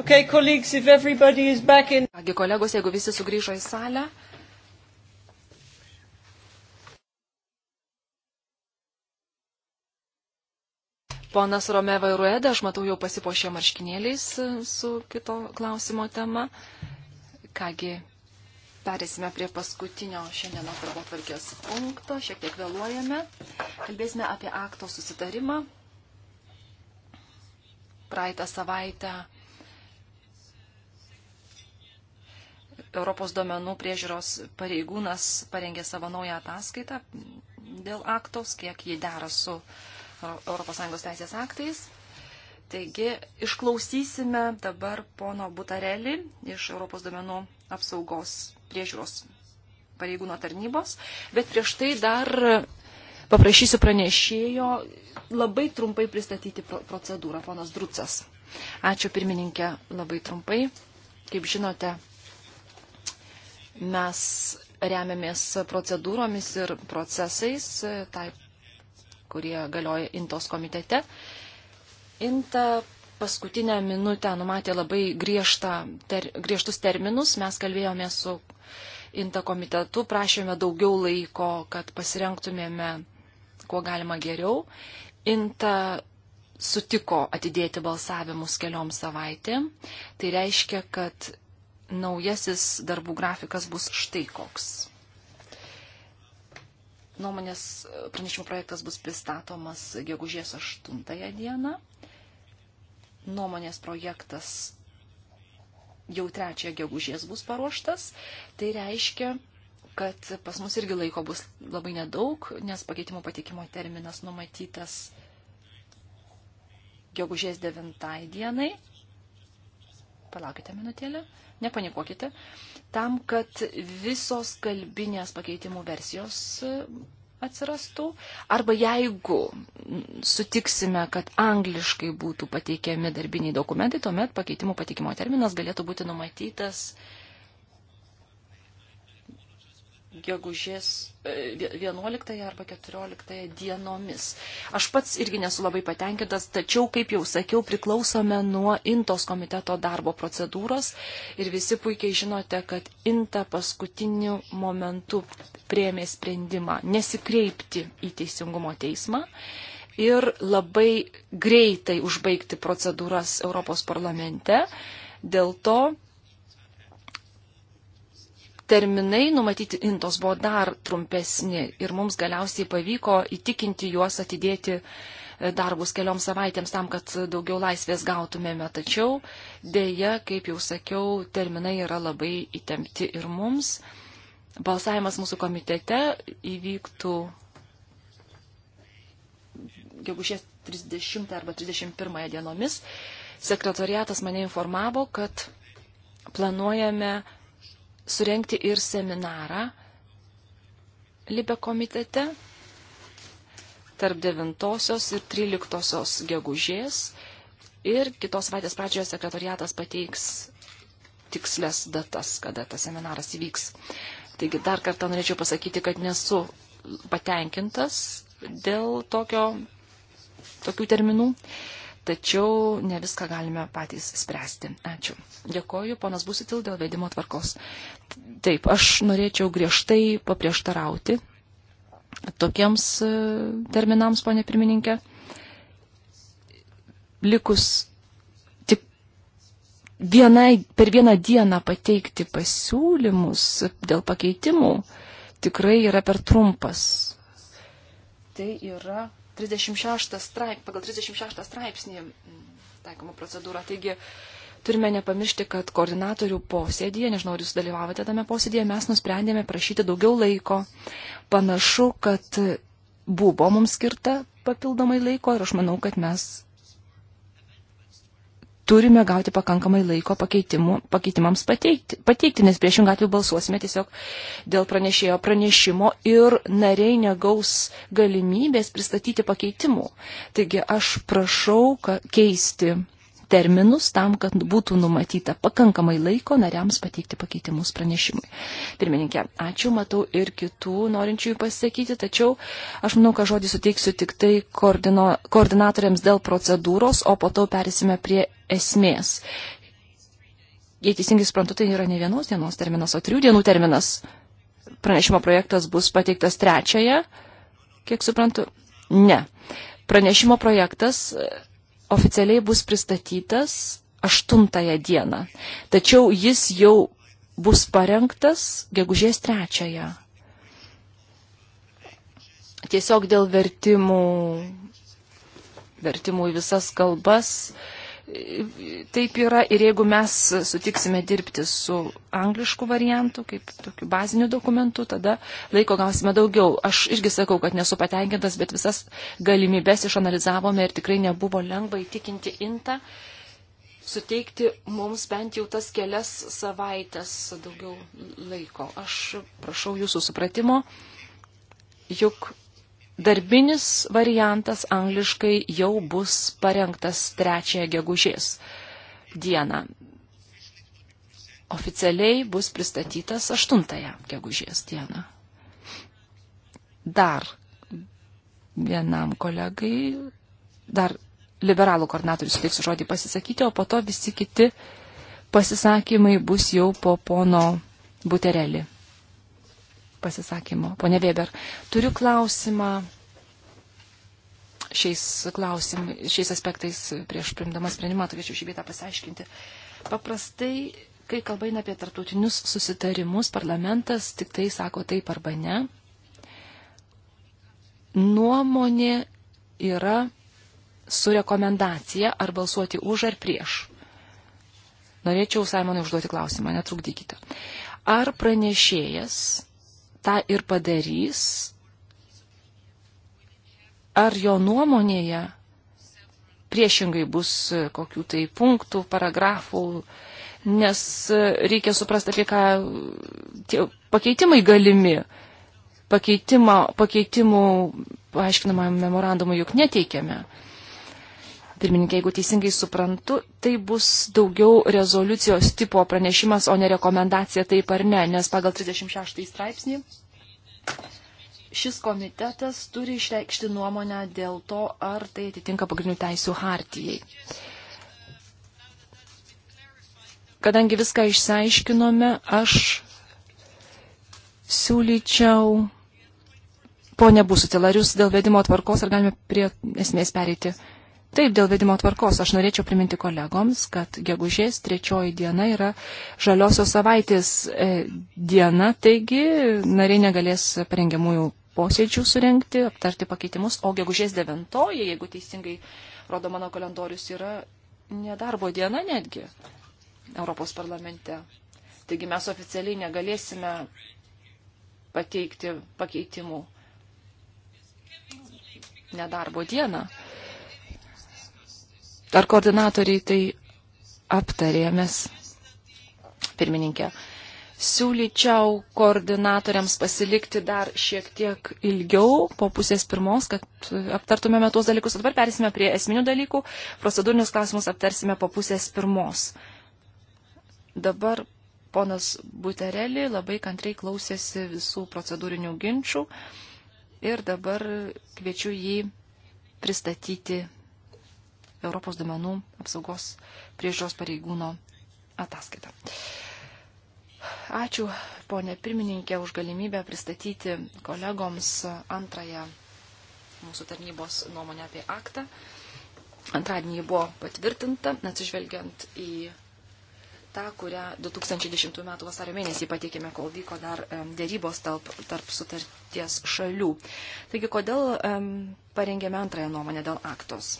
Okay, colleagues, if everybody is back in. Kągi kolegos, jeigu visi sugrįžo į salę. Ponas Romeva ir Rueda, aš matau, jau pasipošė marškinėliais e, su kito klausimo tema. Kągi, Perėsime prie paskutinio šiandienos darbo tvarkės punkto, šiek tiek vėluojame. Kalbėsime apie akto susitarimą. Praeitą savaitę Europos duomenų priežiūros pareigūnas parengė savo naują ataskaitą dėl aktos, kiek jį dera su ES teisės aktais. Taigi išklausysime dabar pono Butarelį iš Europos duomenų apsaugos priežiūros pareigūno tarnybos, bet prieš tai dar paprašysiu pranešėjo labai trumpai pristatyti procedūrą, ponas Drucas. Ačiū pirmininkė labai trumpai. Kaip žinote, Mes remiamės procedūromis ir procesais, tai, kurie galioja Intos komitete. Inta paskutinę minutę numatė labai griežta, ter, griežtus terminus. Mes kalbėjome su Inta komitetu, prašėme daugiau laiko, kad pasirenktumėme kuo galima geriau. Inta sutiko atidėti balsavimus keliom savaitėm. Tai reiškia, kad naujasis darbų grafikas bus štai koks. Nuomonės e, pranešimo projektas bus pristatomas gegužės 8 dieną. Nuomonės projektas jau 3 gegužės bus paruoštas. Tai reiškia, kad pas mus irgi laiko bus labai nedaug, nes pakeitimo patikimo terminas numatytas gegužės 9 dienai Palaukite minutėlę, nepanikuokite. Tam, kad visos kalbinės pakeitimų versijos atsirastų. Arba jeigu sutiksime, kad angliškai būtų pateikiami darbiniai dokumentai, tuomet pakeitimų pateikimo terminas galėtų būti numatytas uh, gegužės 11 e, arba 14 dienomis. Aš pats irgi nesu labai patenkintas, tačiau, kaip jau sakiau, priklausome nuo Intos komiteto darbo procedūros ir visi puikiai žinote, kad Inta paskutiniu momentu prieėmė sprendimą nesikreipti į Teisingumo teismą. Ir labai greitai užbaigti procedūras Europos parlamente. Dėl to terminai numatyti intos buvo dar trumpesni ir mums galiausiai pavyko įtikinti juos atidėti e, darbus kelioms savaitėms tam, kad daugiau laisvės gautumėme. Tačiau dėja, kaip jau sakiau, terminai yra labai įtempti ir mums. Balsavimas mūsų komitete įvyktų gegužės 30 arba 31 dienomis. Sekretariatas mane informavo, kad planuojame surenkti ir seminarą Libe komitete tarp 9 ir 13 gegužės ir kitos savaitės pradžioje sekretariatas pateiks tikslės datas, kada tas seminaras įvyks. Taigi dar kartą norėčiau pasakyti, kad nesu patenkintas dėl tokio, tokių terminų. Uh, tačiau ne viską galime patys spręsti. Ačiū. Dėkoju, ponas Busitil, dėl vedimo tvarkos. Taip, aš norėčiau griežtai paprieštarauti tokiems e, terminams, ponė pirmininkė. Likus tik vienai, per vieną dieną pateikti pasiūlymus dėl pakeitimų tikrai yra per trumpas. Tai yra 36 straip, pagal 36 straipsnį mm, taikoma procedūra. Taigi turime nepamiršti, kad koordinatorių posėdėje, nežinau, ar jūs dalyvavote tame posėdėje, mes nusprendėme prašyti daugiau laiko. Panašu, kad buvo mums skirta papildomai laiko ir aš manau, kad mes turime gauti pakankamai laiko pakeitimams pateikti, pateikti, nes priešingą atveju balsuosime tiesiog dėl pranešėjo pranešimo ir nariai negaus galimybės pristatyti pakeitimų. Taigi aš prašau keisti terminus tam, kad būtų numatyta pakankamai laiko nariams pateikti pakeitimus pranešimui. Pirmininkė, ačiū, matau ir kitų norinčiųjų pasakyti, tačiau aš manau, kad žodį suteiksiu tik tai koordino, koordinatoriams dėl procedūros, o po to perėsime prie esmės. Jei teisingai suprantu, tai yra ne vienos dienos terminas, o trijų dienų terminas. Pranešimo projektas bus pateiktas trečiąją, kiek suprantu. Ne. Pranešimo projektas oficialiai bus pristatytas 8 dieną, tačiau jis jau bus parengtas gegužės 3. Tiesiog dėl vertimų, vertimų į visas kalbas taip yra ir jeigu mes sutiksime dirbti su anglišku variantu, kaip tokiu baziniu dokumentu, tada laiko gausime daugiau. Aš irgi sakau, kad nesu patenkintas, bet visas galimybės išanalizavome ir tikrai nebuvo lengva įtikinti intą suteikti mums bent jau tas kelias savaitės daugiau laiko. Aš prašau jūsų supratimo, juk darbinis variantas angliškai jau bus parengtas 3 gegužės dieną. Oficialiai bus pristatytas 8 gegužės dieną. Dar vienam kolegai, dar liberalų koordinatorius suteiksiu žodį pasisakyti, o po to visi kiti pasisakymai bus jau po pono Buterelį pasisakymo. Pone Weber, turiu klausimą šiais, klausim, šiais aspektais prieš primdamas sprendimą, turėčiau šį vietą pasiaiškinti. Paprastai, kai kalba eina apie tartutinius susitarimus, parlamentas tik tai sako taip arba ne. Nuomonė yra su rekomendacija ar balsuoti už ar prieš. Norėčiau Simonui užduoti klausimą, netrukdykite. Ar pranešėjas tą ir padarys, ar jo nuomonėje priešingai bus kokių tai punktų, paragrafų, nes reikia suprasti, apie ką tie pakeitimai galimi. Pakeitimą, pakeitimų paaiškinamą memorandumą juk neteikėme. Pirmininkė, jeigu teisingai suprantu, tai bus daugiau rezoliucijos tipo pranešimas, o ne rekomendacija taip ar ne, nes pagal 36 straipsnį šis komitetas turi išreikšti nuomonę dėl to, ar tai atitinka pagrindinių teisų hartijai. Kadangi viską išsiaiškinome, aš siūlyčiau. Pone Busutilarius, dėl vedimo tvarkos ar galime prie esmės pereiti Taip, dėl vedimo tvarkos aš norėčiau priminti kolegoms, kad gegužės trečioji diena yra žaliosios savaitės e, diena, taigi nariai negalės parengiamųjų posėdžių surenkti, aptarti pakeitimus, o gegužės devintoji, jeigu teisingai rodo mano kalendorius, yra nedarbo diena netgi Europos parlamente. Taigi mes oficialiai negalėsime pateikti pakeitimų nedarbo dieną ar koordinatoriai tai aptarėmės, pirmininkė. Siūlyčiau koordinatoriams pasilikti dar šiek tiek ilgiau, po pusės pirmos, kad aptartumėme tuos dalykus. O dabar persime prie esminių dalykų. Procedūrinius klausimus aptarsime po pusės pirmos. Dabar ponas Butereli labai kantriai klausėsi visų procedūrinių ginčių ir dabar kviečiu jį pristatyti Europos duomenų apsaugos priežiūros pareigūno ataskaitą. Ačiū, ponė pirmininkė, už galimybę pristatyti kolegoms antrąją mūsų tarnybos nuomonę apie aktą. Antradienį ji buvo patvirtinta, atsižvelgiant į tą, kurią 2010 m. vasario mėnesį pateikėme, kol vyko dar dėrybos tarp, tarp sutarties šalių. Taigi, kodėl um, parengėme antrąją nuomonę dėl aktos?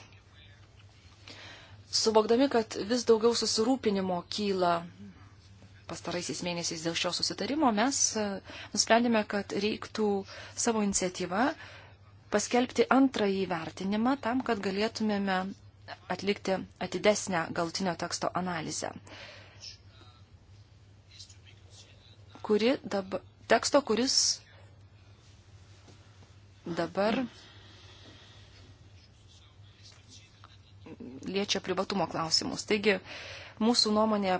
Suvokdami, kad vis daugiau susirūpinimo kyla pastaraisiais mėnesiais dėl šio susitarimo, mes e, nusprendėme, kad reiktų savo iniciatyvą paskelbti antrąjį vertinimą tam, kad galėtumėme atlikti atidesnę galtinio teksto analizę, kuri dabar, teksto, kuris dabar liečia privatumo klausimus. Taigi, mūsų nuomonė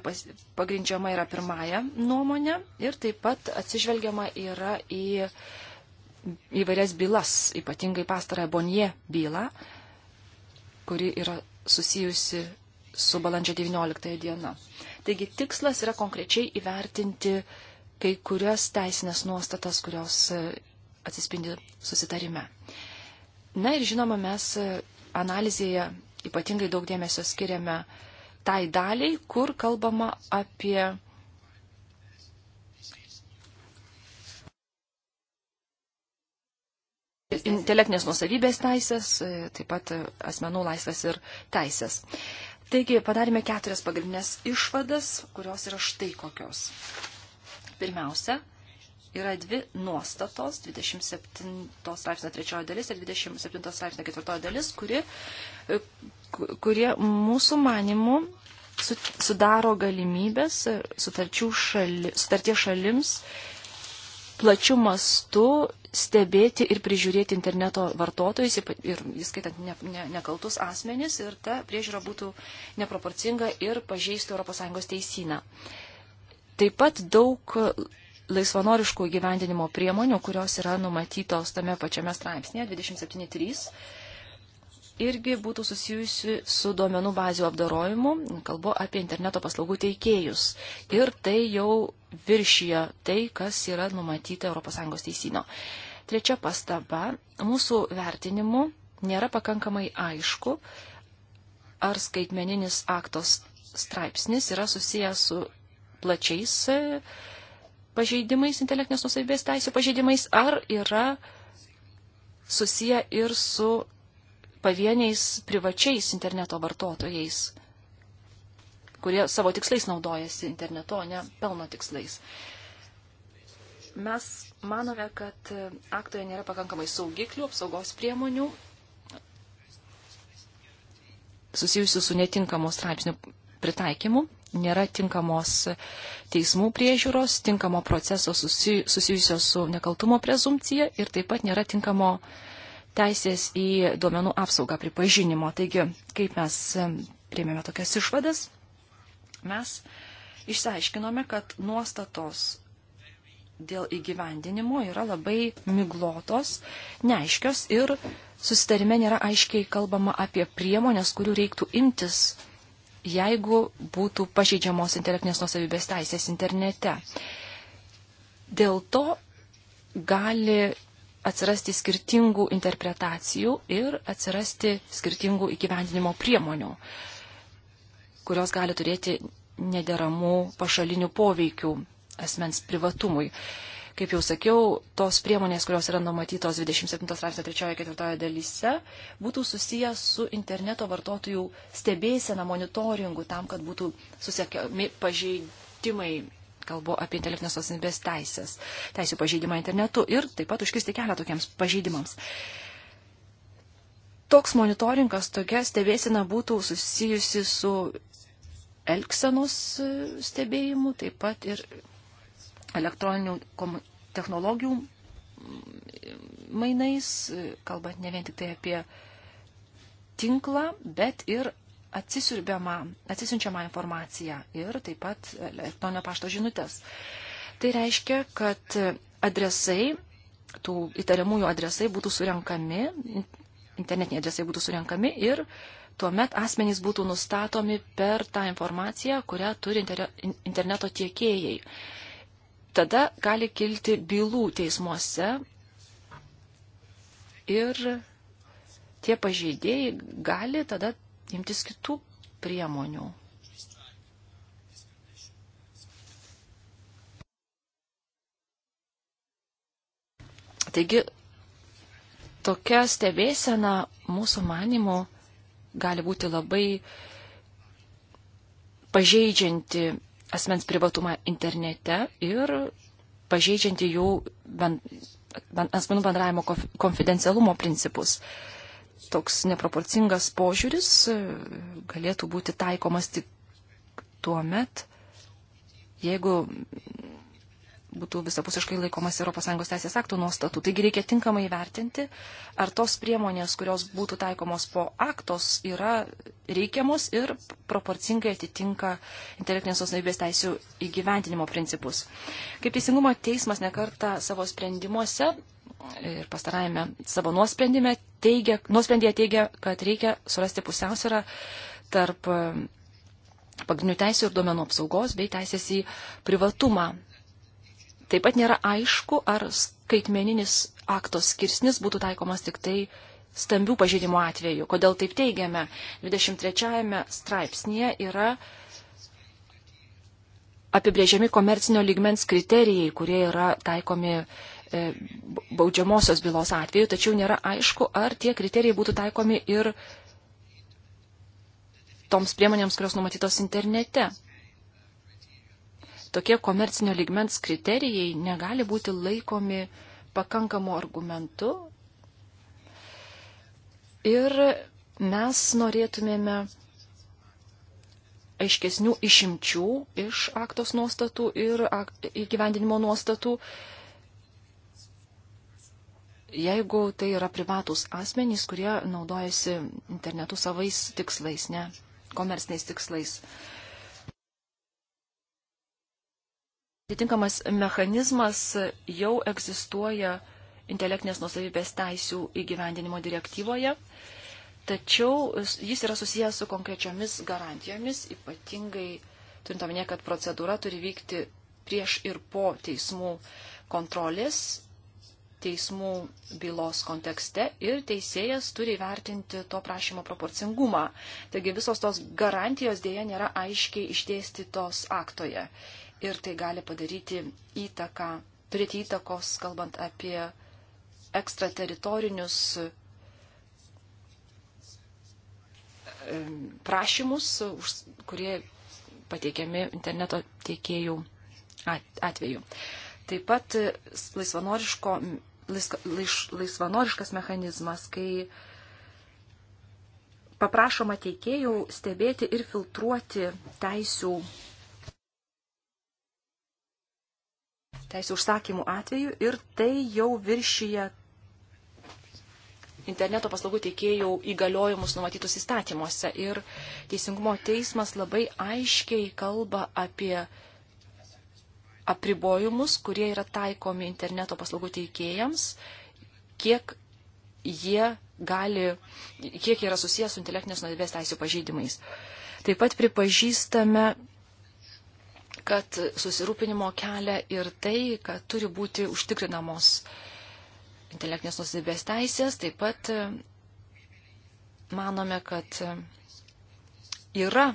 pagrindžiama yra pirmąją nuomonę ir taip pat atsižvelgiama yra į įvairias bylas, ypatingai pastarąją Bonie bylą, kuri yra susijusi su balandžio 19 diena. Taigi tikslas yra konkrečiai įvertinti kai kurias teisinės nuostatas, kurios e, atsispindi susitarime. Na ir žinoma, mes e, analizėje ypatingai daug dėmesio skiriame tai daliai, kur kalbama apie intelektinės nusavybės teisės, e, taip pat e, asmenų laisvės ir teisės. Taigi padarėme keturias pagrindinės išvadas, kurios yra štai kokios. Pirmiausia, yra dvi nuostatos, 27 straipsnio trečioji dalis ir 27 straipsnio ketvirtoji dalis, kuri, e, kurie mūsų manimų sudaro galimybės e, šali, sutarties šalims plačių mastų stebėti ir prižiūrėti interneto vartotojus ir įskaitant ne, ne, nekaltus asmenis ir ta priežiūra būtų neproporcinga ir pažeistų ES teisyną. Taip pat daug laisvanoriškų gyvendinimo priemonių, kurios yra numatytos tame pačiame straipsnėje 27.3, irgi būtų susijusi su duomenų bazių apdarojimu, kalbu apie interneto paslaugų teikėjus. Ir tai jau viršyje tai, kas yra numatyta ES teisino. Trečia pastaba. Mūsų vertinimu nėra pakankamai aišku, ar skaitmeninis aktos straipsnis yra susijęs su plačiais pažeidimais, intelektinės nusavybės teisų pažeidimais, ar yra susiję ir su pavieniais privačiais interneto vartotojais, kurie savo tikslais naudojasi interneto, ne pelno tikslais. Mes manome, kad aktoje nėra pakankamai saugiklių, apsaugos priemonių susijusių su netinkamu straipsniu pritaikymu nėra tinkamos teismų priežiūros, tinkamo proceso susi, susijusio su nekaltumo prezumcija ir taip pat nėra tinkamo teisės į duomenų apsaugą pripažinimo. Taigi, kaip mes priėmėme tokias išvadas, mes išsiaiškinome, kad nuostatos dėl įgyvendinimo yra labai miglotos, neaiškios ir susitarime nėra aiškiai kalbama apie priemonės, kurių reiktų imtis jeigu būtų pažeidžiamos intelektinės nusavybės teisės internete. Dėl to gali atsirasti skirtingų interpretacijų ir atsirasti skirtingų įgyvendinimo priemonių, kurios gali turėti nederamų pašalinių poveikių asmens privatumui. Kaip jau sakiau, tos priemonės, kurios yra numatytos 27 straipsnio 3-4 dalyse, būtų susijęs su interneto vartotojų stebėsena monitoringu tam, kad būtų susiekiami pažeidimai, kalbu apie intelektinės osnybės teisės, teisų pažeidimą internetu ir taip pat užkisti kelią tokiems pažeidimams. Toks monitoringas, tokia stebėsena būtų susijusi su elksenos stebėjimu, taip pat ir elektroninių technologijų mainais, kalbant ne vien tik tai apie tinklą, bet ir atsisiunčiamą informaciją ir taip pat elektroninio pašto žinutės. Tai reiškia, kad adresai, tų įtariamųjų adresai būtų surenkami, internetiniai adresai būtų surenkami ir tuomet asmenys būtų nustatomi per tą informaciją, kurią turi interneto tiekėjai tada gali kilti bylų teismuose ir tie pažeidėjai gali tada imtis kitų priemonių. Taigi, tokia stebėsena mūsų manimo gali būti labai pažeidžianti asmens privatumą internete ir pažeidžianti jų bent, bent, asmenų bendravimo konfidencialumo principus. Toks neproporcingas požiūris e, galėtų būti taikomas tik tuo met, jeigu būtų visapusiškai laikomas ES teisės aktų nuostatų. Taigi reikia tinkamai vertinti, ar tos priemonės, kurios būtų taikomos po aktos, yra reikiamos ir proporcingai atitinka intelektinės nusavybės teisų įgyventinimo principus. Kaip teisingumo teismas nekarta savo sprendimuose ir pastarajame savo nuosprendime teigia, nuosprendėje teigia, kad reikia surasti pusiausvyrą tarp e, pagrindinių teisų ir duomenų apsaugos bei teisės į privatumą Taip pat nėra aišku, ar skaitmeninis aktos skirsnis būtų taikomas tik tai stambių pažeidimų atveju. Kodėl taip teigiame? 23 straipsnėje yra apibrėžiami komercinio lygmens kriterijai, kurie yra taikomi e, baudžiamosios bylos atveju, tačiau nėra aišku, ar tie kriterijai būtų taikomi ir toms priemonėms, kurios numatytos internete tokie komercinio ligmens kriterijai negali būti laikomi pakankamu argumentu. Ir mes norėtumėme aiškesnių išimčių iš aktos nuostatų ir įgyvendinimo nuostatų, jeigu tai yra privatus asmenys, kurie naudojasi internetu savais tikslais, ne komersiniais tikslais. Atitinkamas mechanizmas jau egzistuoja intelektinės nusavybės teisių įgyvendinimo direktyvoje, tačiau jis yra susijęs su konkrečiomis garantijomis, ypatingai turint omenyje, kad procedūra turi vykti prieš ir po teismų kontrolės, teismų bylos kontekste ir teisėjas turi vertinti to prašymo proporcingumą. Taigi visos tos garantijos dėja nėra aiškiai išdėstytos aktoje ir tai gali padaryti įtaką, turėti įtakos, kalbant apie ekstrateritorinius prašymus, kurie pateikiami interneto tiekėjų atveju. Taip pat laisvanoriško, lais, laisvanoriškas mechanizmas, kai paprašoma teikėjų stebėti ir filtruoti teisų teisų užsakymų atveju ir tai jau viršyje interneto paslaugų teikėjų įgaliojimus numatytus įstatymuose. Ir Teisingumo teismas labai aiškiai kalba apie apribojimus, kurie yra taikomi interneto paslaugų teikėjams, kiek jie gali, kiek yra susijęs su intelektinės nuodėvės teisų pažeidimais. Taip pat pripažįstame kad susirūpinimo kelia ir tai, kad turi būti užtikrinamos intelektinės nusibės teisės. Taip pat e, manome, kad e, yra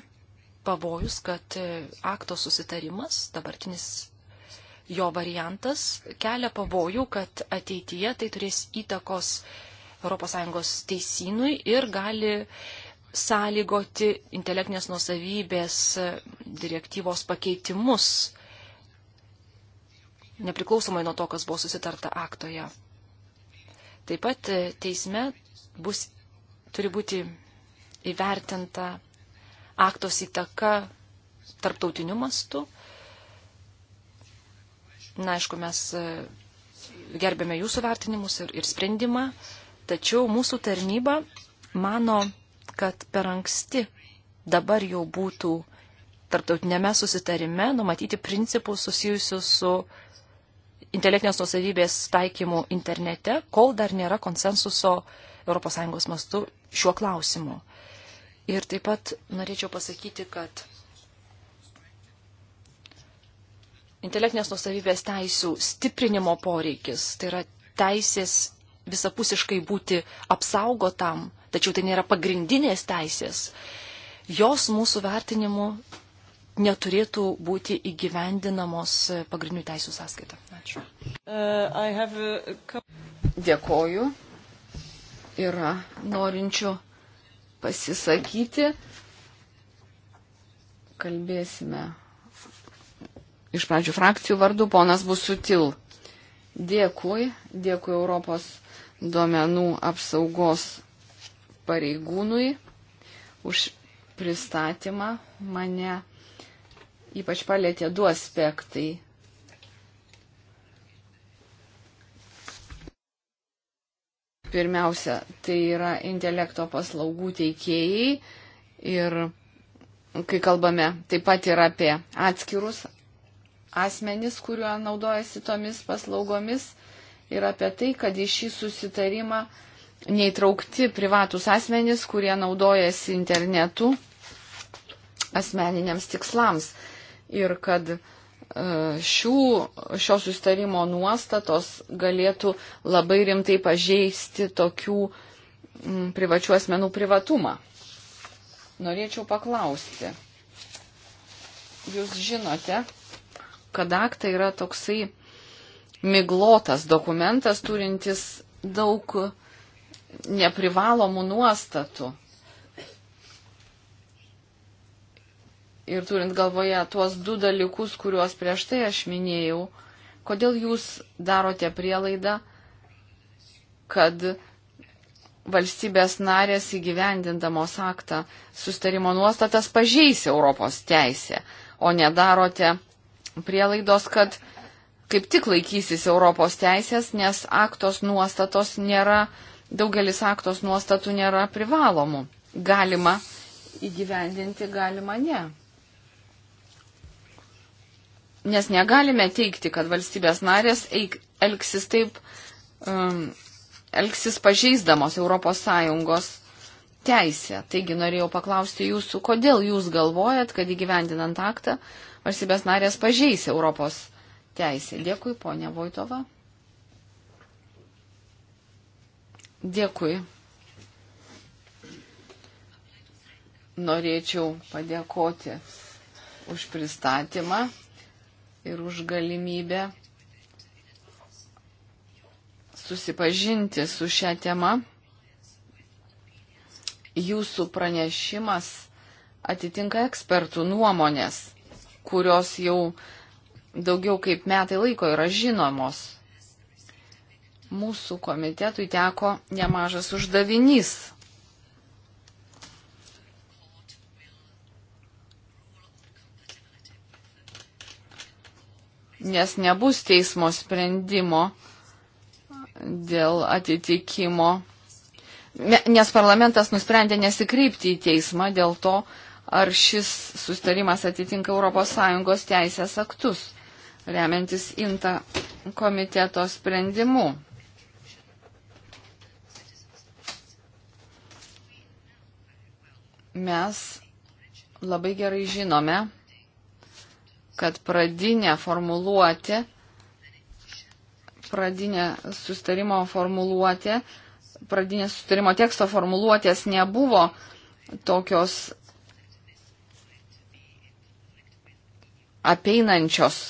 pavojus, kad e, akto susitarimas, dabartinis jo variantas, kelia pavojų, kad ateityje tai turės įtakos ES teisynui ir gali uh, sąlygoti intelektinės nuosavybės e, direktyvos pakeitimus, nepriklausomai nuo to, kas buvo susitarta aktoje. Taip pat e, teisme bus, turi būti įvertinta aktos įtaka tarptautiniu mastu. Na, aišku, mes e, gerbėme jūsų vertinimus ir, ir sprendimą, tačiau mūsų tarnyba mano, kad per anksti dabar jau būtų tarptautinėme susitarime numatyti principus susijusius su intelektinės nusavybės taikymu internete, kol dar nėra konsensuso ES mastu šiuo klausimu. Ir taip pat norėčiau pasakyti, kad intelektinės nusavybės teisų stiprinimo poreikis, tai yra teisės visapusiškai būti apsaugotam, tačiau tai nėra pagrindinės teisės. Jos mūsų vertinimu neturėtų būti įgyvendinamos pagrindinių teisų sąskaita. Ačiū. Uh, a... Dėkoju. Yra norinčių pasisakyti. Kalbėsime iš pradžių frakcijų vardu, ponas Busutil. Dėkui, dėkui Europos duomenų apsaugos pareigūnui už pristatymą. Mane ypač palėtė du aspektai. Pirmiausia, tai yra intelekto paslaugų teikėjai ir kai kalbame taip pat ir apie atskirus asmenis, kuriuo naudojasi tomis paslaugomis ir apie tai, kad į šį susitarimą uh, neįtraukti privatus asmenys, kurie naudojasi internetu asmeniniams tikslams. Ir kad e, šių, šio sustarimo nuostatos galėtų labai rimtai pažeisti tokių privačių asmenų privatumą. Norėčiau paklausti. Jūs žinote, kad aktai yra toksai miglotas dokumentas, turintis daug uh, neprivalomų nuostatų. Ir turint galvoje tuos du dalykus, kuriuos prieš tai aš minėjau, kodėl jūs darote prielaidą, kad valstybės narės įgyvendindamos aktą sustarimo nuostatas pažeis Europos teisę, o nedarote prielaidos, kad kaip tik laikysis Europos teisės, nes aktos nuostatos nėra uh, daugelis aktos nuostatų nėra privalomų. Galima įgyvendinti, galima ne. Nes negalime teikti, kad valstybės narės eik, elgsis taip, um, elgsis pažeisdamos ES teisę. Taigi norėjau paklausti jūsų, kodėl jūs galvojat, kad įgyvendinant aktą valstybės narės pažeis Europos teisę. Dėkui, ponia Vojtova. Dėkui. Norėčiau padėkoti už pristatymą ir už galimybę susipažinti su šią temą. Jūsų pranešimas atitinka ekspertų nuomonės, kurios jau daugiau kaip metai laiko yra žinomos mūsų komitetui teko nemažas uždavinys. Nes nebus teismo sprendimo dėl atitikimo, nes parlamentas nusprendė nesikreipti į teismą dėl to, ar šis sustarimas atitinka ES teisės aktus, remiantis INTA komiteto sprendimu. Mes labai gerai žinome, kad pradinė formuluotė, pradinė sustarimo formuluotė, pradinė sustarimo teksto formuluotės nebuvo tokios apeinančios,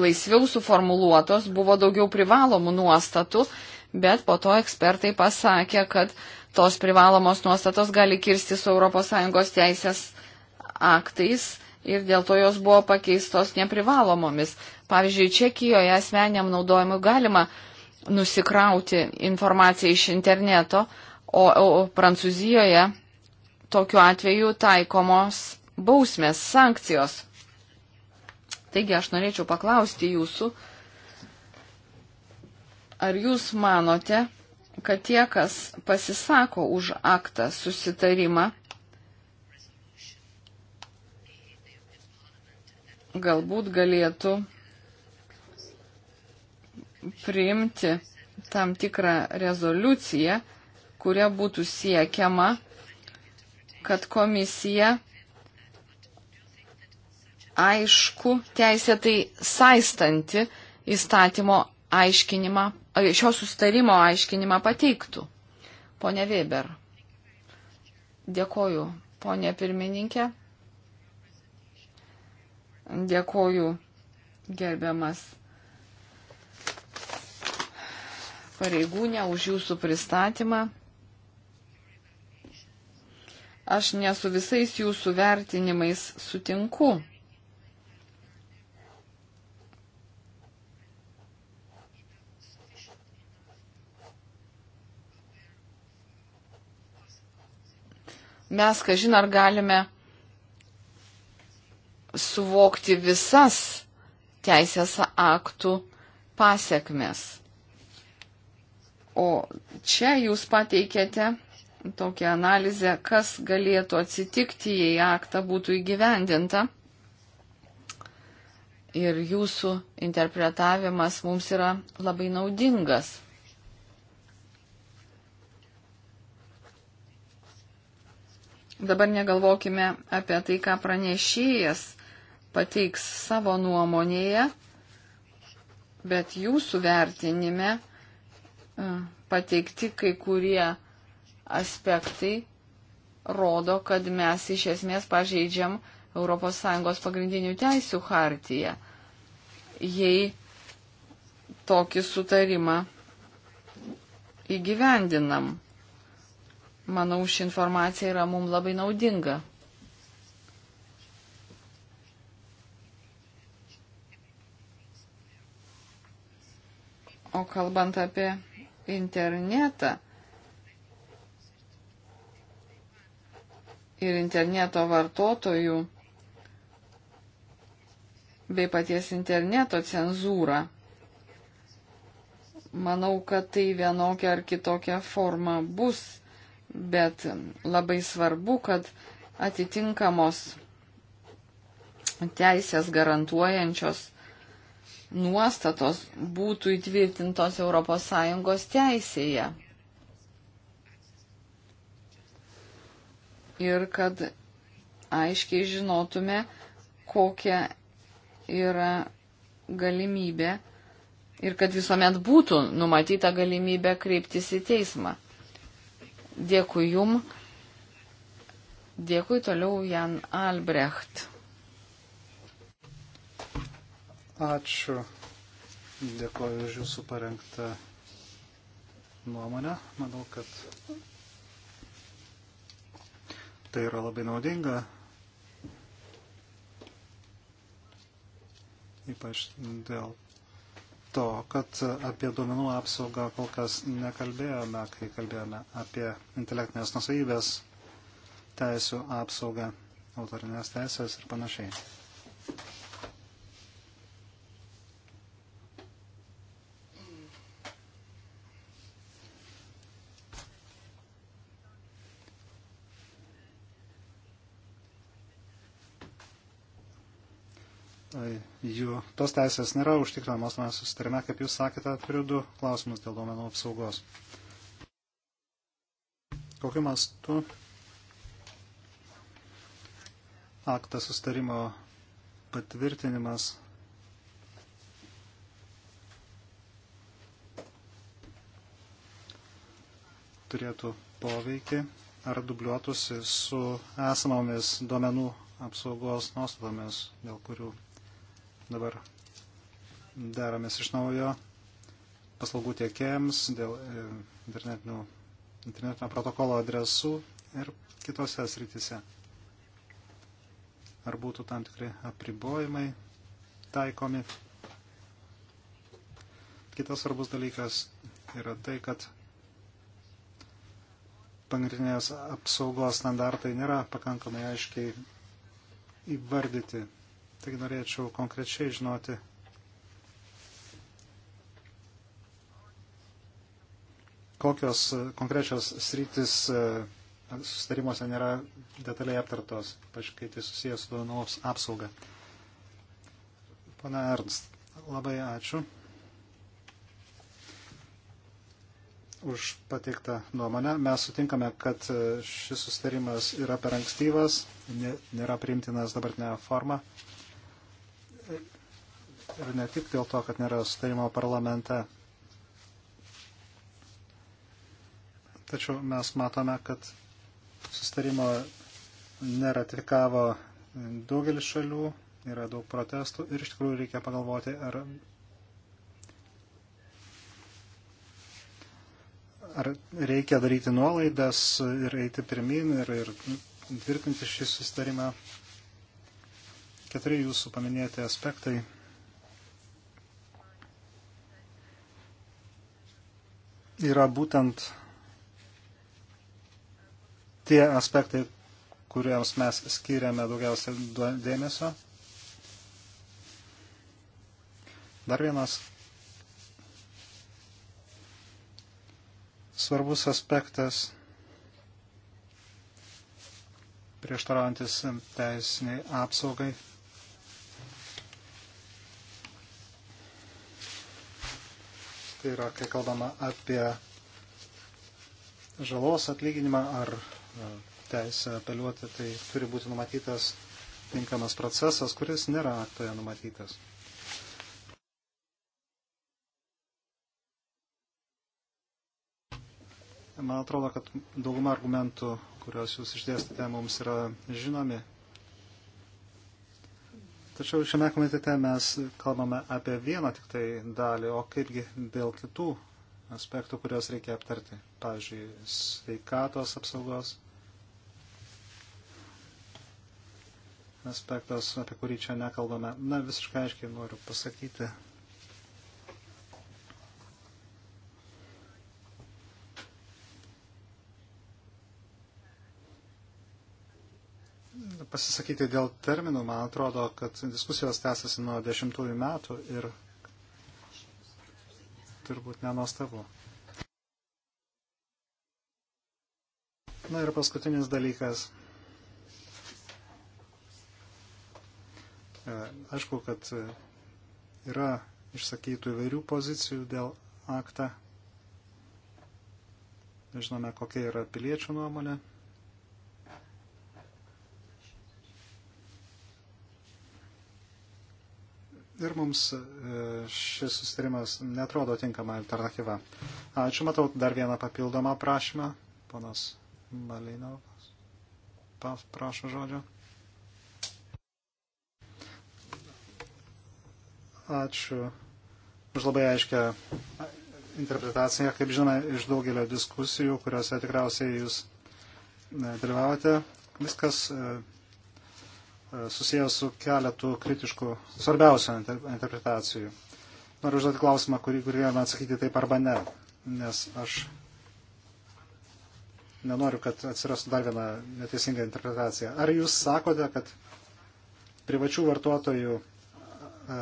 laisviau suformuluotos, buvo daugiau privalomų nuostatų, bet po to ekspertai pasakė, kad tos privalomos nuostatos gali kirsti su ES teisės aktais ir dėl to jos buvo pakeistos neprivalomomis. Pavyzdžiui, Čekijoje asmeniam naudojimui galima nusikrauti informaciją iš interneto, o, o Prancūzijoje tokiu atveju taikomos bausmės, sankcijos. Taigi aš norėčiau paklausti jūsų, ar jūs manote, kad tie, kas pasisako už aktą susitarimą, galbūt galėtų priimti tam tikrą rezoliuciją, kuria būtų siekiama, kad komisija aišku, teisėtai saistanti įstatymo aiškinimą šio sustarimo aiškinimą pateiktų. Pone Weber. Dėkoju, ponė pirmininkė. Dėkoju, gerbiamas pareigūnė, už jūsų pristatymą. Aš nesu visais jūsų vertinimais sutinku. mes, ką žin, ar galime suvokti visas teisės aktų pasiekmes. O čia jūs pateikėte tokią analizę, kas galėtų atsitikti, jei aktą būtų įgyvendinta. Ir jūsų interpretavimas mums yra labai naudingas. Dabar negalvokime apie tai, ką pranešėjas pateiks savo nuomonėje, bet jūsų vertinime e, pateikti kai kurie aspektai rodo, kad mes iš esmės pažeidžiam ES pagrindinių teisių hartiją, jei tokį sutarimą įgyvendinam. Manau, ši informacija yra mums labai naudinga. O kalbant apie internetą ir interneto vartotojų bei paties interneto cenzūrą, manau, kad tai vienokia ar kitokia forma bus bet labai svarbu, kad atitinkamos teisės garantuojančios nuostatos būtų įtvirtintos ES teisėje. Ir kad aiškiai žinotume, kokia yra galimybė ir kad visuomet būtų numatyta galimybė kreiptis į teismą. Dėkui jum. Dėkui toliau Jan Albrecht. Ačiū. Dėkoju už jūsų parengtą nuomonę. Manau, kad tai yra labai naudinga. Ypač dėl to, kad apie duomenų apsaugą kol kas nekalbėjome, kai kalbėjome apie intelektinės nusavybės teisų apsaugą, autorinės teisės ir panašiai. jų tos teisės nėra užtikrinamos mes susitarime, kaip jūs sakėte, turiu du klausimus dėl duomenų apsaugos. Kokiu mastu aktas sustarimo patvirtinimas turėtų poveikį ar dubliuotųsi su esamomis duomenų apsaugos nuostatomis, dėl kurių Dabar deramės iš naujo paslaugų tiekėjams dėl e, internetinio, internetinio protokolo adresų ir kitose srityse. Ar būtų tam tikri apribojimai taikomi. Kitas svarbus dalykas yra tai, kad pagrindinės apsaugos standartai nėra pakankamai aiškiai įvardyti Taigi norėčiau konkrečiai žinoti, kokios konkrečios sritis e, sustarimuose nėra detaliai aptartos, ypač kai tai susijęs su duomenų apsauga. Pana Ernst, labai ačiū už pateiktą nuomonę. Mes sutinkame, kad e, šis sustarimas yra per ankstyvas, nėra priimtinas dabartinė forma ir ne tik dėl to, kad nėra sutarimo parlamente. Tačiau mes matome, kad sustarimo neratifikavo daugelis šalių, yra daug protestų ir iš tikrųjų reikia pagalvoti, ar, ar reikia daryti nuolaidas ir eiti pirmin ir, ir tvirtinti šį sustarimą. Keturi jūsų paminėti aspektai yra būtent tie aspektai, kuriems mes skiriame daugiausia dėmesio. Dar vienas svarbus aspektas prieštaraujantis teisiniai apsaugai Tai yra, kai kalbama apie žalos atlyginimą ar e, teisę apeliuoti, tai turi būti numatytas tinkamas procesas, kuris nėra aktoje numatytas. Man atrodo, kad dauguma argumentų, kuriuos jūs išdėstėte, mums yra žinomi Tačiau šiame komitete mes kalbame apie vieną tik tai dalį, o kaipgi dėl kitų aspektų, kuriuos reikia aptarti. Pavyzdžiui, sveikatos apsaugos aspektas, apie kurį čia nekalbame. Na, visiškai aiškiai noriu pasakyti, pasisakyti dėl terminų. Man atrodo, kad diskusijos tęsiasi nuo dešimtųjų metų ir turbūt nenostabu. Na ir paskutinis dalykas. E, aišku, kad yra išsakytų įvairių pozicijų dėl aktą. Žinome, kokia yra piliečių nuomonė. ir mums e, šis sustarimas netrodo tinkama alternatyva. Ačiū, matau dar vieną papildomą prašymą. Ponas Malinovas prašo žodžio. Ačiū už labai aiškę interpretaciją, kaip žinome, iš daugelio diskusijų, kuriuose tikriausiai jūs e, dalyvavote. Viskas e, E, susijęs su keletu kritiškų svarbiausių interpretacijų. Noriu užduoti klausimą, kurį, kurį galima atsakyti taip arba ne, nes aš nenoriu, kad atsirastų dar viena neteisinga interpretacija. Ar jūs sakote, kad privačių vartotojų, e,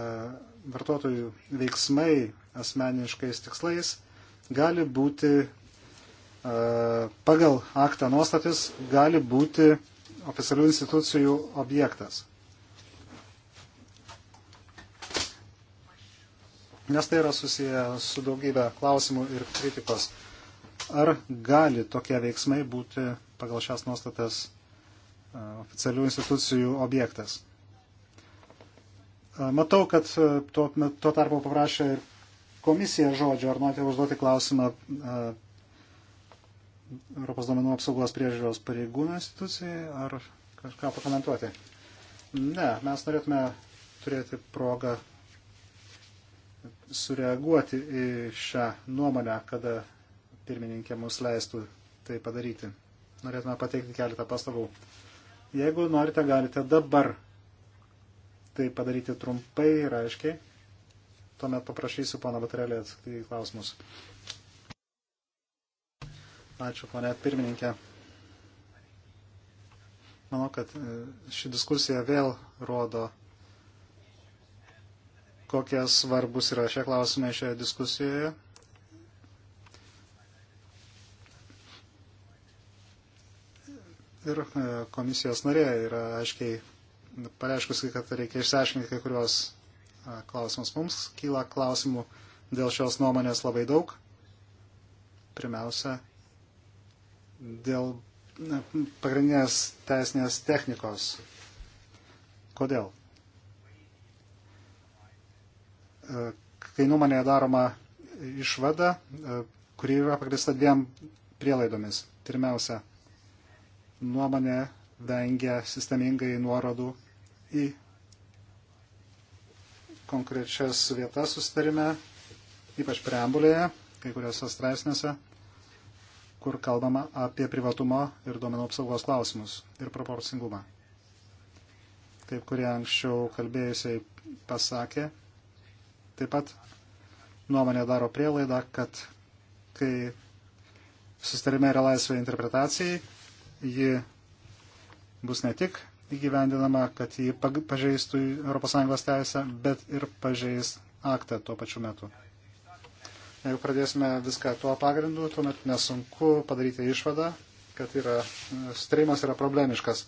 vartotojų veiksmai asmeniškais tikslais gali būti e, pagal aktą nuostatis gali būti oficialių institucijų objektas. Nes tai yra susiję su daugybė klausimų ir kritikos. Ar gali tokie veiksmai būti pagal šias nuostatas e, oficialių institucijų objektas? E, matau, kad e, tuo, tuo tarpu paprašė ir komisija žodžio, ar norite užduoti klausimą Europos domenų apsaugos priežiūros pareigūnų institucijai ar kažką pakomentuoti? Ne, mes norėtume turėti progą sureaguoti į šią nuomonę, kada pirmininkė mus leistų tai padaryti. Norėtume pateikti keletą pastabų. Jeigu norite, galite dabar tai padaryti trumpai ir aiškiai. Tuomet paprašysiu pana Batrelį atsakyti į klausimus. Ačiū, ponė pirmininkė. Manau, kad e, ši diskusija vėl rodo, kokie svarbus yra šie klausimai šioje diskusijoje. Ir e, komisijos narė yra aiškiai pareiškusi, kad reikia išsiaiškinti kai kurios e, klausimus. Mums kyla klausimų dėl šios nuomonės labai daug. Pirmiausia, dėl pagrindinės teisinės technikos. Kodėl? E, kai nuomonėje daroma išvada, e, kuri yra pagrįsta dviem prielaidomis. Pirmiausia, nuomonė vengia sistemingai nuorodų į konkrečias vietas susitarime, ypač preambulėje, kai kuriuose straipsniuose kur kalbama apie privatumo ir duomenų apsaugos klausimus ir proporcingumą. Kaip kurie anksčiau kalbėjusiai pasakė, taip pat nuomonė daro prielaidą, kad kai sustarime yra laisvė interpretacijai, ji bus ne tik įgyvendinama, kad ji pažeistų ES teisę, bet ir pažeis aktą tuo pačiu metu. Jeigu pradėsime viską tuo pagrindu, tuomet nesunku padaryti išvadą, kad yra, sutarimas yra problemiškas.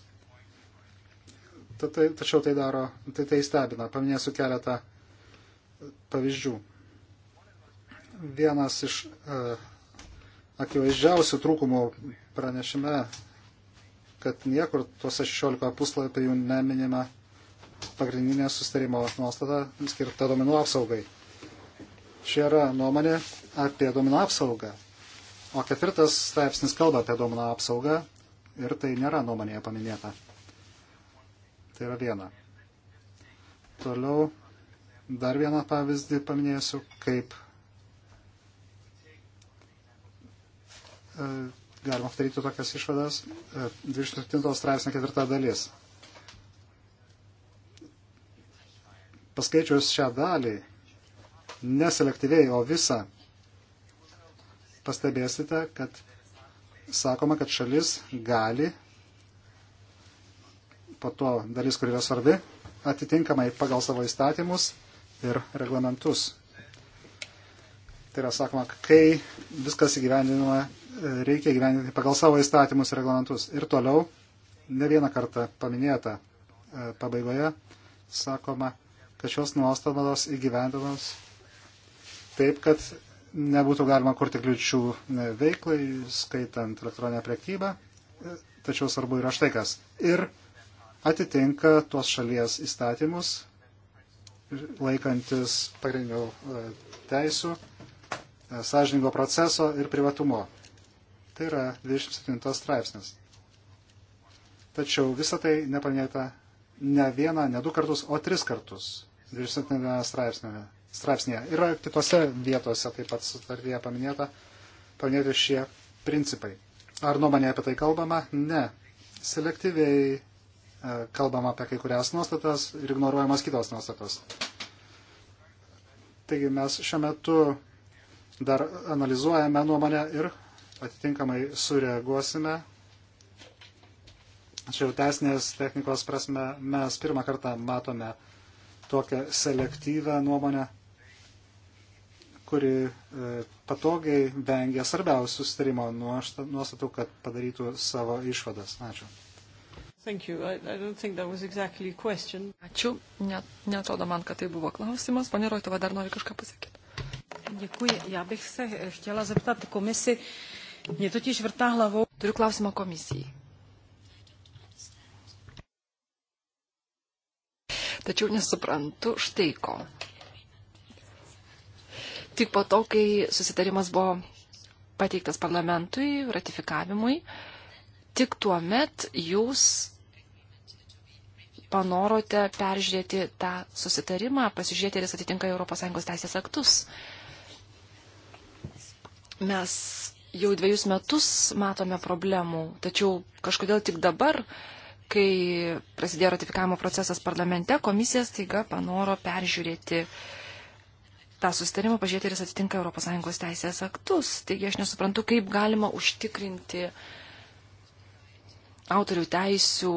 Tai, tačiau tai daro, tai tai stebina. Paminėsiu keletą e, pavyzdžių. Vienas iš uh, akivaizdžiausių trūkumų pranešime, kad niekur tuose 16 puslapyje neminima pagrindinė sustarimo nuostata skirta domenų apsaugai. Čia yra nuomonė apie domino apsaugą. O ketvirtas straipsnis kalba apie domino apsaugą ir tai nėra nuomonėje paminėta. Tai yra viena. Toliau dar vieną pavyzdį paminėsiu, kaip e, galima daryti tokias išvadas. 27 e, straipsnio ketvirta dalis. Paskaičius šią dalį, neselektyviai, o visą, pastebėsite, kad sakoma, kad šalis gali, po to dalis, kur yra svarbi, atitinkamai pagal savo įstatymus ir reglamentus. Tai yra sakoma, kai viskas įgyvendinama, reikia įgyvendinti pagal savo įstatymus ir reglamentus. Ir toliau, ne vieną kartą paminėta e, pabaigoje, sakoma, kad šios nuostatos įgyvendinamos taip, kad nebūtų galima kurti kliučių veiklai, skaitant elektroninę prekybą, tačiau svarbu yra štai kas. Ir atitinka tuos šalies įstatymus, laikantis pagrindinių e, teisų, e, sąžiningo proceso ir privatumo. Tai yra 27 straipsnis. Tačiau visa tai nepanėta ne vieną, ne du kartus, o tris kartus 27 straipsnėme straipsnėje. Yra kitose vietose taip pat sutartyje paminėta, paminėti šie principai. Ar nuomonė apie tai kalbama? Ne. Selektyviai e, kalbama apie kai kurias nuostatas ir ignoruojamas kitos nuostatos. Taigi mes šiuo metu dar analizuojame nuomonę ir atitinkamai sureaguosime. Tačiau teisinės technikos prasme mes pirmą kartą matome tokią selektyvę nuomonę kuri e, patogiai vengia svarbiausių sustarimo nu, nuostatų, kad padarytų savo išvadas. Ačiū. Exactly Ačiū. Net, netrodo man, kad tai buvo klausimas. Pane Roitova dar nori kažką pasakyti. Děkuji. Já bych se chtěla zeptat komisi. Mě totiž vrtá hlavou. Turiu klausimą komisijai. Tačiau nesuprantu štai ko tik po to, kai susitarimas buvo pateiktas parlamentui, ratifikavimui, tik tuo met jūs panorote peržiūrėti tą susitarimą, pasižiūrėti, ar jis atitinka ES teisės aktus. Mes jau dviejus metus matome problemų, tačiau kažkodėl tik dabar, kai prasidėjo ratifikavimo procesas parlamente, komisija staiga panoro peržiūrėti uh, tą susitarimą pažiūrėti, ar jis atitinka ES teisės aktus. Taigi aš nesuprantu, kaip galima užtikrinti autorių teisų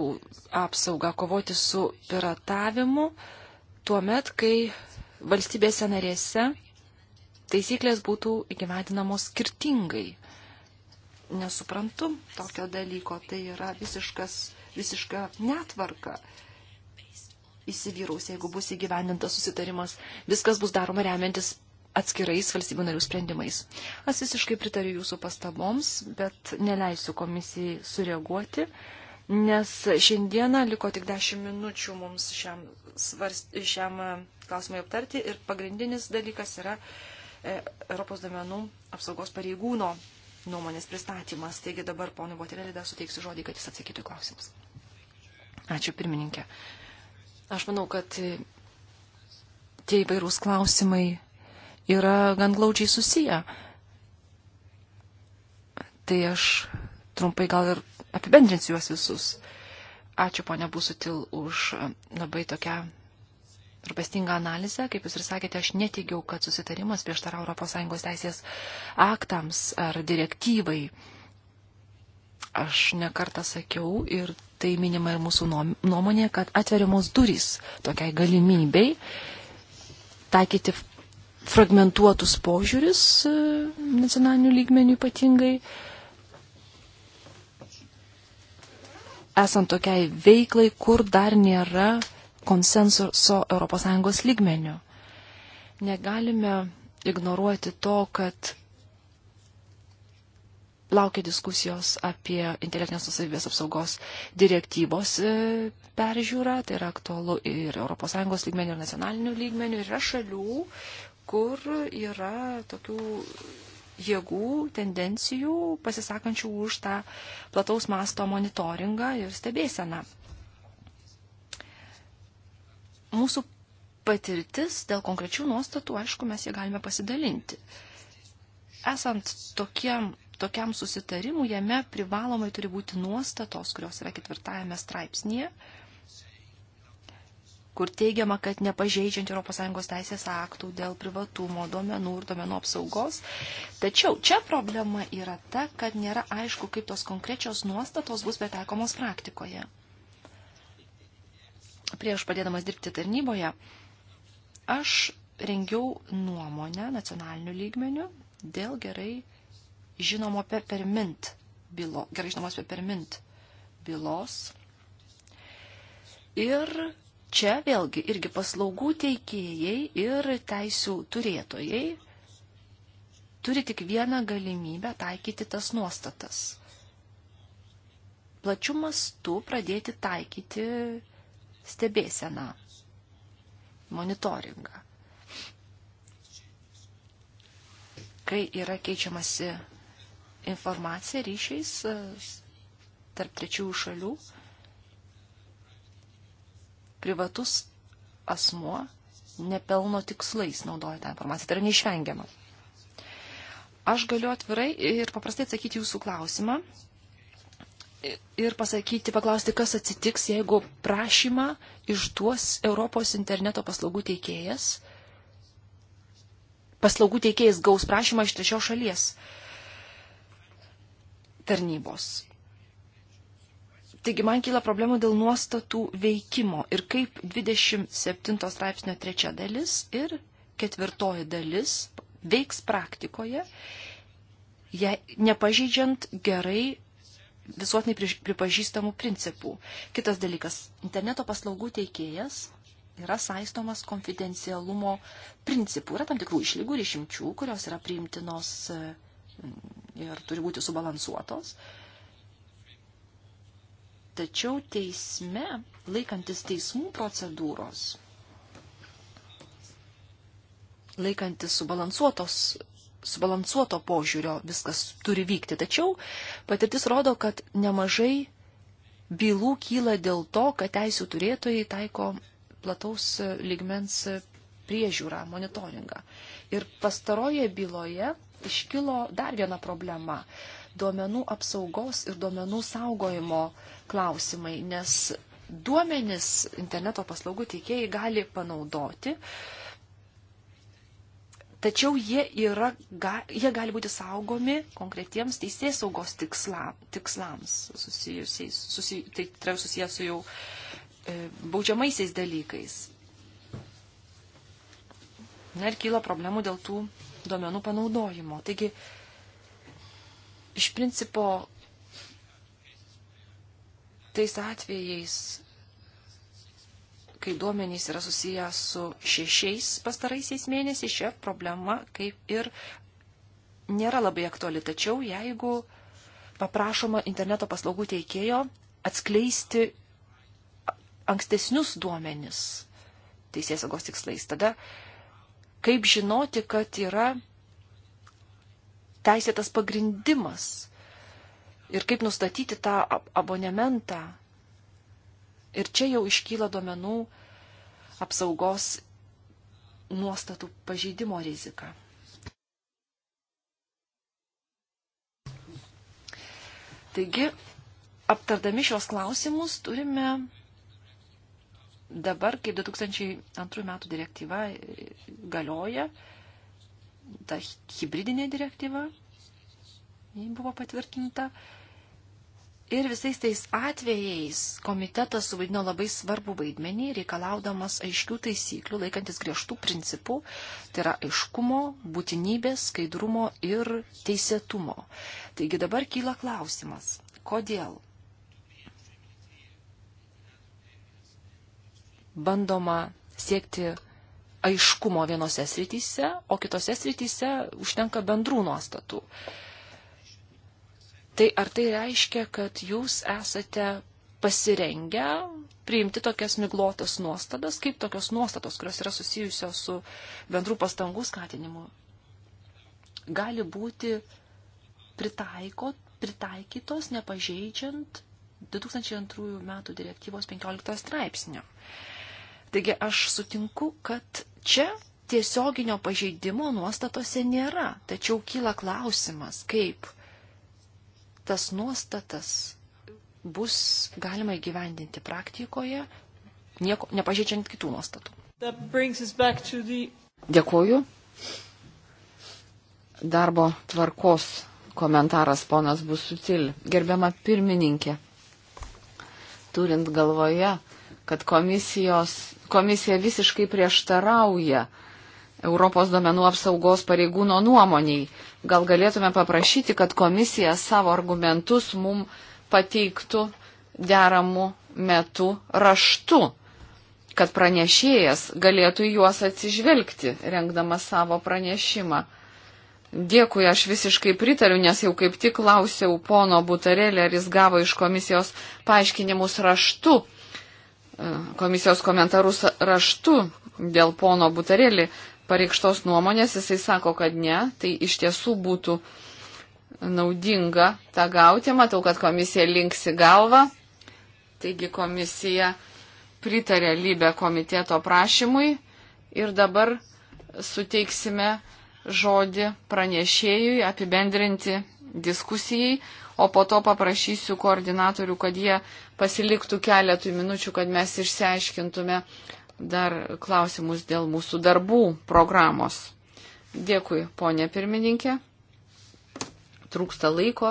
apsaugą, kovoti su piratavimu tuo met, kai valstybėse narėse taisyklės būtų įgyvendinamos skirtingai. Nesuprantu tokio dalyko, tai yra visiškas, visiška netvarka įsivyraus, jeigu bus įgyvendintas susitarimas. Viskas bus daroma remiantis atskirais valstybių narių sprendimais. Aš visiškai pritariu jūsų pastaboms, bet neleisiu komisijai sureaguoti, nes šiandieną liko tik 10 minučių mums šiam, svarst, šiam e, klausimui aptarti ir pagrindinis dalykas yra e, Europos domenų apsaugos pareigūno nuomonės pristatymas. Taigi dabar ponui Botirelį dar suteiksiu žodį, kad jis atsakytų į klausimus. Ačiū pirmininkė. Aš manau, kad tie įvairūs klausimai yra gan glaudžiai susiję. Tai aš trumpai gal ir apibendrinsiu juos visus. Ačiū ponia Busutil už labai tokią rūpestingą analizę. Kaip jūs ir sakėte, aš neteigiau, kad susitarimas prieštara ES teisės aktams ar direktyvai. Aš nekartą sakiau ir tai minima ir mūsų nuomonė, kad atveriamos durys tokiai galimybei taikyti fragmentuotus požiūris e, nacionalinių lygmenių ypatingai. Esant tokiai veiklai, kur dar nėra konsensuso ES lygmenių. Negalime ignoruoti to, kad laukia diskusijos apie intelektinės nusavybės apsaugos direktyvos e, peržiūrą, tai yra aktualu ir ES lygmenių, ir nacionalinių lygmenių, ir yra šalių, kur yra tokių jėgų, tendencijų pasisakančių už tą plataus masto monitoringą ir stebėseną. Mūsų patirtis dėl konkrečių nuostatų, aišku, mes jie galime pasidalinti. Esant tokiem tokiam susitarimui jame privalomai turi būti nuostatos, kurios yra ketvirtajame straipsnėje, kur teigiama, kad nepažeidžiant ES teisės aktų dėl privatumo duomenų ir duomenų apsaugos. Tačiau čia problema yra ta, kad nėra aišku, kaip tos konkrečios nuostatos bus betaikomos praktikoje. Prieš padėdamas dirbti tarnyboje, aš rengiau nuomonę nacionaliniu lygmeniu dėl gerai žinomo Peppermint bylo, gerai žinomos Peppermint bylos. Ir čia vėlgi irgi paslaugų teikėjai ir teisių turėtojai turi tik vieną galimybę taikyti tas nuostatas. Plačių mastų pradėti taikyti stebėseną, monitoringą. Kai yra keičiamasi informaciją ryšiais e, tarp trečiųjų šalių, privatus asmuo nepelno tikslais naudoja tą informaciją. Tai yra neišvengiama. Aš galiu atvirai ir paprastai atsakyti jūsų klausimą ir pasakyti, paklausti, kas atsitiks, jeigu prašymą išduos Europos interneto paslaugų teikėjas. Paslaugų teikėjas gaus prašymą iš trečios šalies. Uh, tarnybos. Taigi man kyla problemų dėl nuostatų veikimo ir kaip 27 straipsnio trečia dalis ir ketvirtoji dalis veiks praktikoje, jei nepažydžiant gerai visuotinai pripažįstamų principų. Kitas dalykas - interneto paslaugų teikėjas yra saistomas konfidencialumo principų. Yra tam tikrų išlygų ir išimčių, kurios yra priimtinos ir turi būti subalansuotos. Tačiau teisme, laikantis teismų procedūros, laikantis subalansuotos subalansuoto požiūrio viskas turi vykti. Tačiau patirtis rodo, kad nemažai bylų kyla dėl to, kad teisų turėtojai taiko plataus ligmens priežiūrą, monitoringą. Ir pastaroje byloje iškilo dar viena problema - duomenų apsaugos ir duomenų saugojimo klausimai, nes duomenis interneto paslaugų teikėjai gali panaudoti, tačiau jie, yra, ga, jie gali būti saugomi konkretiems teisės saugos tiksla, tikslams, susijusiais, susi, tai, tai yra susijęs su jau e, baudžiamaisiais dalykais. Na ir kyla problemų dėl tų duomenų panaudojimo. Taigi, iš principo, tais atvejais, kai duomenys yra susiję su šešiais pastaraisiais mėnesiais, šia problema kaip ir nėra labai aktuali. Tačiau, jeigu paprašoma interneto paslaugų teikėjo atskleisti ankstesnius duomenis teisėsaugos tikslais, tada Kaip žinoti, kad yra teisėtas pagrindimas ir kaip nustatyti tą abonementą. Ir čia jau iškyla duomenų apsaugos nuostatų pažeidimo rizika. Taigi, aptardami šios klausimus turime dabar, kaip 2002 metų direktyva galioja, ta hybridinė direktyva, ji buvo patvirtinta. Ir visais tais atvejais komitetas suvaidino labai svarbų vaidmenį, reikalaudamas aiškių taisyklių, laikantis griežtų principų, tai yra aiškumo, būtinybės, skaidrumo ir teisėtumo. Taigi dabar kyla klausimas, kodėl bandoma siekti aiškumo vienose srityse, o kitose srityse užtenka bendrų nuostatų. Tai ar tai reiškia, kad jūs esate pasirengę priimti tokias miglotas nuostatas, kaip tokios nuostatos, kurios yra susijusios su bendrų pastangų skatinimu, gali būti pritaiko, pritaikytos, nepažeidžiant 2002 metų direktyvos 15 straipsnio. Taigi aš sutinku, kad čia tiesioginio pažeidimo nuostatose nėra, tačiau kyla klausimas, kaip tas nuostatas bus galima įgyvendinti praktikoje, nieko, nepažeidžiant kitų nuostatų. The... Dėkuoju. Darbo tvarkos komentaras ponas bus sutil. Gerbiama pirmininkė, turint galvoje, kad komisijos komisija visiškai prieštarauja Europos duomenų apsaugos pareigūno nuomoniai. Gal galėtume paprašyti, kad komisija savo argumentus mum pateiktų deramų metų raštu, kad pranešėjas galėtų juos atsižvelgti, rengdamas savo pranešimą. Dėkui, aš visiškai pritariu, nes jau kaip tik klausiau pono Butarelį, ar jis gavo iš komisijos paaiškinimus raštu komisijos komentarus raštu dėl pono Butarėlį pareikštos nuomonės. Jisai sako, kad ne, tai iš tiesų būtų naudinga tą gauti. Matau, kad komisija linksi galvą. Taigi komisija pritarė lybę komiteto prašymui ir dabar suteiksime žodį pranešėjui apibendrinti diskusijai, o po to paprašysiu koordinatorių, kad jie pasiliktų keletui minučių, kad mes išsiaiškintume dar klausimus dėl mūsų darbų programos. Dėkui, ponė pirmininkė. Trūksta laiko,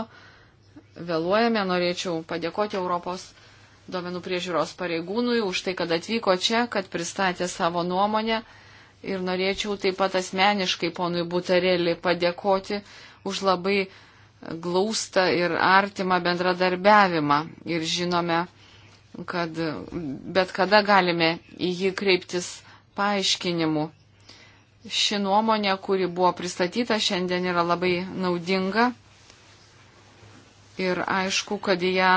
vėluojame, norėčiau padėkoti Europos duomenų priežiūros pareigūnui už tai, kad atvyko čia, kad pristatė savo nuomonę ir norėčiau taip pat asmeniškai ponui Butarėlį padėkoti už labai glaustą ir artimą bendradarbiavimą ir žinome, kad bet kada galime į jį kreiptis paaiškinimu. Ši nuomonė, kuri buvo pristatyta šiandien, yra labai naudinga ir aišku, kad į ją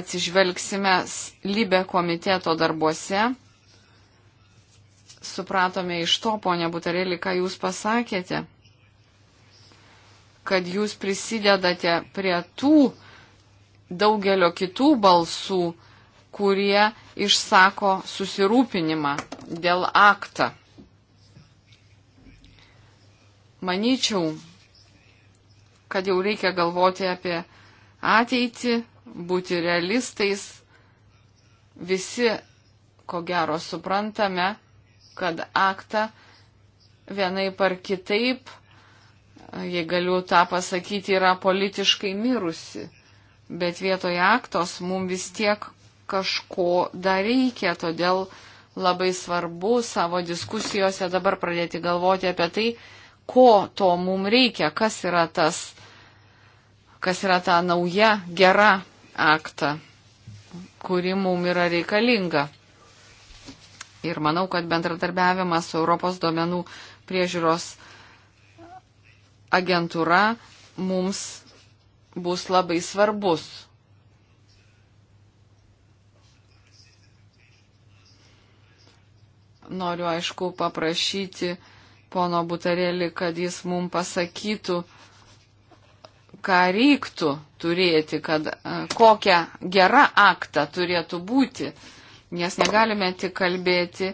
atsižvelgsime Libe komiteto darbuose. Supratome iš to, ponia Butarėlį, ką jūs pasakėte kad jūs prisidedate prie tų daugelio kitų balsų, kurie išsako susirūpinimą dėl aktą. Manyčiau, kad jau reikia galvoti apie ateitį, būti realistais. Visi, ko gero, suprantame, kad aktą vienai par kitaip jei galiu tą pasakyti, yra politiškai mirusi. Bet vietoj aktos mums vis tiek kažko dar reikia, todėl labai svarbu savo diskusijose dabar pradėti galvoti apie tai, ko to mums reikia, kas yra tas, kas yra ta nauja gera akta, kuri mums yra reikalinga. Ir manau, kad bendradarbiavimas su Europos duomenų priežiūros uh, agentūra mums bus labai svarbus. Noriu, aišku, paprašyti pono Butarėlį, kad jis mum pasakytų, ką reiktų turėti, kad e, kokią gerą aktą turėtų būti, nes negalime tik kalbėti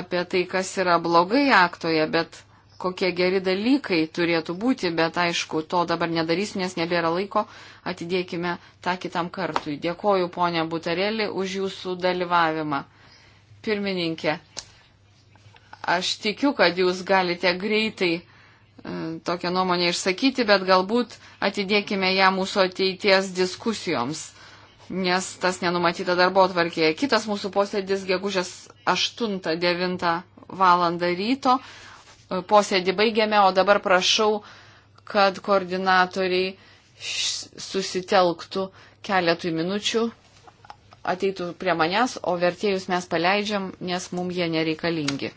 apie tai, kas yra blogai aktoje, bet kokie geri dalykai turėtų būti, bet aišku, to dabar nedarysim, nes nebėra laiko, atidėkime tą kitam kartui. Dėkoju, ponė Butarelį, už jūsų dalyvavimą. Pirmininkė, aš tikiu, kad jūs galite greitai e, tokią nuomonę išsakyti, bet galbūt atidėkime ją mūsų ateities diskusijoms, nes tas nenumatyta darbo atvarkėje. Kitas mūsų posėdis gegužės 8-9 val. ryto posėdį baigėme, o dabar prašau, kad koordinatoriai susitelktų keletui minučių, ateitų prie manęs, o vertėjus mes paleidžiam, nes mums jie nereikalingi.